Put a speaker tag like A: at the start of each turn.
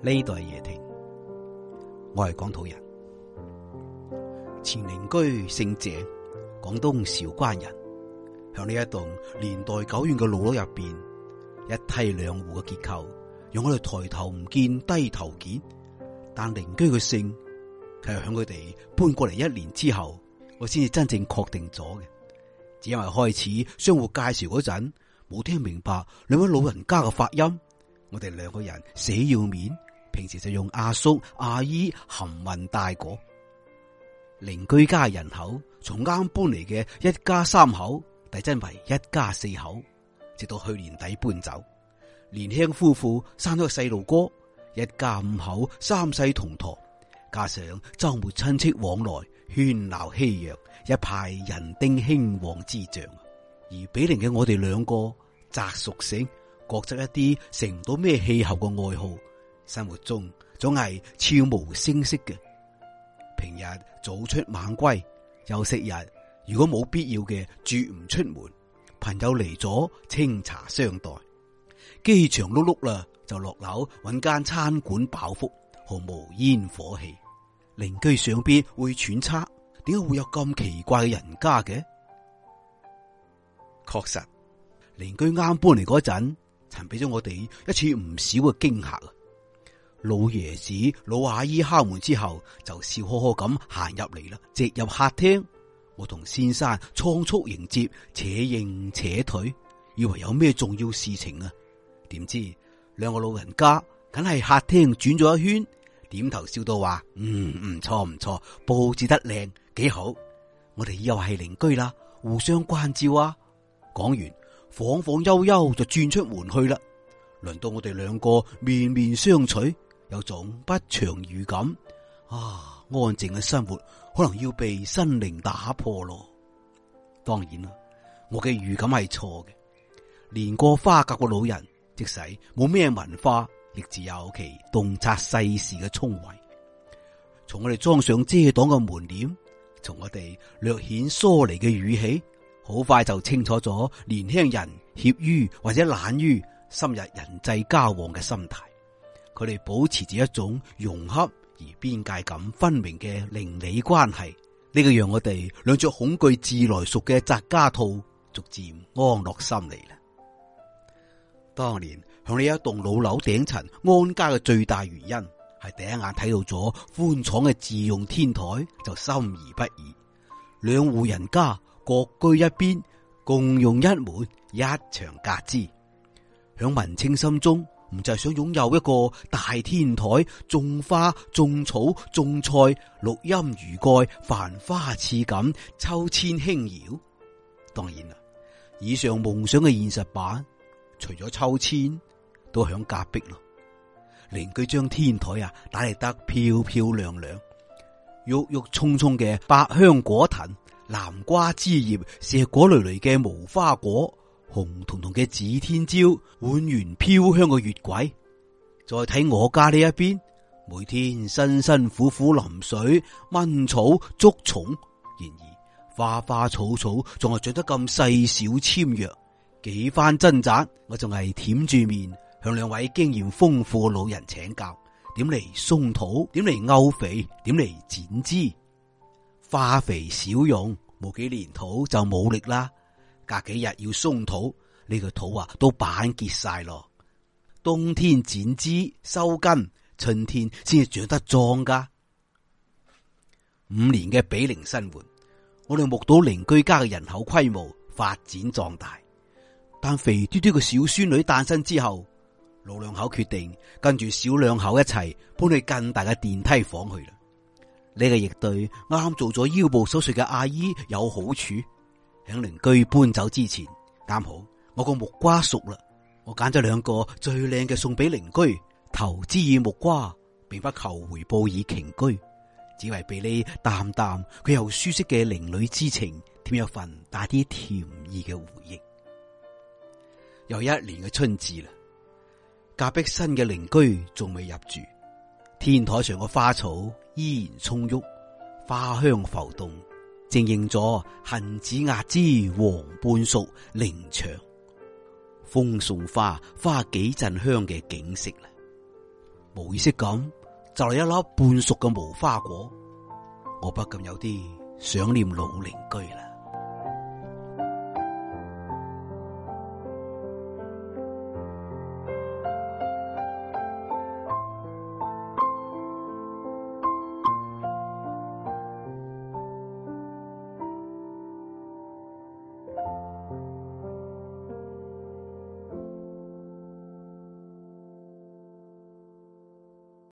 A: 呢度係夜聽，我係港土人，前鄰居姓謝，廣東韶關人。響呢一棟年代久遠嘅老屋入邊，一梯兩戶嘅結構，讓我哋抬頭唔見低頭見。但鄰居嘅姓，係響佢哋搬過嚟一年之後，我先至真正確定咗嘅。只因為開始相互介紹嗰陣，冇聽明白兩位老人家嘅發音，我哋兩個人死要面。平時就用阿叔阿姨含運大果。鄰居家人口從啱搬嚟嘅一家三口，遞增為一家四口，直到去年底搬走。年輕夫婦生咗個細路哥，一家五口三世同堂，加上周末親戚往來喧鬧熙攘，一派人丁興、興旺之象。而比鄰嘅我哋兩個宅屬性，各執一啲成唔到咩氣候嘅愛好。生活中總係悄無聲息嘅，平日早出晚歸，休息日如果冇必要嘅住唔出門，朋友嚟咗清茶相待，飢腸轆轆啦就落樓揾間餐館飽腹，毫無煙火氣。鄰居上邊會揣測，點解會有咁奇怪嘅人家嘅？確實，鄰居啱搬嚟嗰陣，曾俾咗我哋一次唔少嘅驚吓。老爺子、老阿姨敲門之後，就笑呵呵咁行入嚟啦，直入客廳，我同先生倉促迎接，且應且退，以為有咩重要事情啊？點知兩個老人家，梗係客廳轉咗一圈，點頭笑到話嗯，唔錯唔錯，布置得靚，幾好。我哋又係鄰居啦，互相關照啊！講完，晃晃悠悠就轉出門去啦。輪到我哋兩個面面相覷。有種不祥預感，啊！安靜嘅生活可能要被新鄰打破咯。當然啦，我嘅預感係錯嘅。年過花甲嘅老人，即使冇咩文化，亦自有其洞察世事嘅聰慧。從我哋裝上遮擋嘅門簾，從我哋略顯疏離嘅語氣，好快就清楚咗年輕人怯於或者懶於深入人際交往嘅心態。佢哋保持住一種融洽而邊界感分明嘅鄰里關係，呢個讓我哋兩隻恐懼自來熟嘅宅家兔逐漸安落心嚟啦。當年響呢一棟老樓頂層安家嘅最大原因，係第一眼睇到咗寬敞嘅自用天台就心儀不已。兩戶人家各居一邊，共用一門一場，一牆隔之，響文青心中。唔就係想擁有一個大天台，種花、種草、種菜，綠蔭如蓋，繁花似錦，秋千輕搖。當然啦，以上夢想嘅現實版，除咗秋千，都響隔壁咯。鄰居將天台啊打理得漂漂亮亮，鬱鬱蔥蔥嘅百香果藤、南瓜枝葉、碩果累累嘅無花果。紅彤彤嘅指天椒，滿園飄香嘅月季。再睇我家呢一邊，每天辛辛苦苦淋水、掹草、捉蟲，然而花花草草仲係着得咁細小纖弱。幾番掙扎，我仲係舔住面向兩位經驗豐富嘅老人請教：點嚟鬆土？點嚟勾肥？點嚟剪枝？花肥少用，冇幾年土就冇力啦。隔幾日要鬆土，呢個土啊都板結晒咯。冬天剪枝收根，春天先至長得壯噶。五年嘅比鄰生活，我哋目睹鄰居家嘅人口規模發展壯大。但肥嘟嘟嘅小孫女誕生之後，老兩口決定跟住小兩口一齊搬去更大嘅電梯房去啦。呢個亦對啱啱做咗腰部手術嘅阿姨有好處。喺鄰居搬走之前，啱好我個木瓜熟啦，我揀咗兩個最靚嘅送俾鄰居。投之以木瓜，並不求回報以瓊琚，只為俾你淡淡佢又舒適嘅鄰里之情，添一份帶啲甜意嘅回憶。又一年嘅春至啦，隔壁新嘅鄰居仲未入住，天台上嘅花草依然蔥鬱，花香浮動。正應咗杏子壓枝黃半熟靈長，風送花花幾陣香嘅景色啦，無意識咁就嚟一粒半熟嘅無花果，我不禁有啲想念老鄰居啦。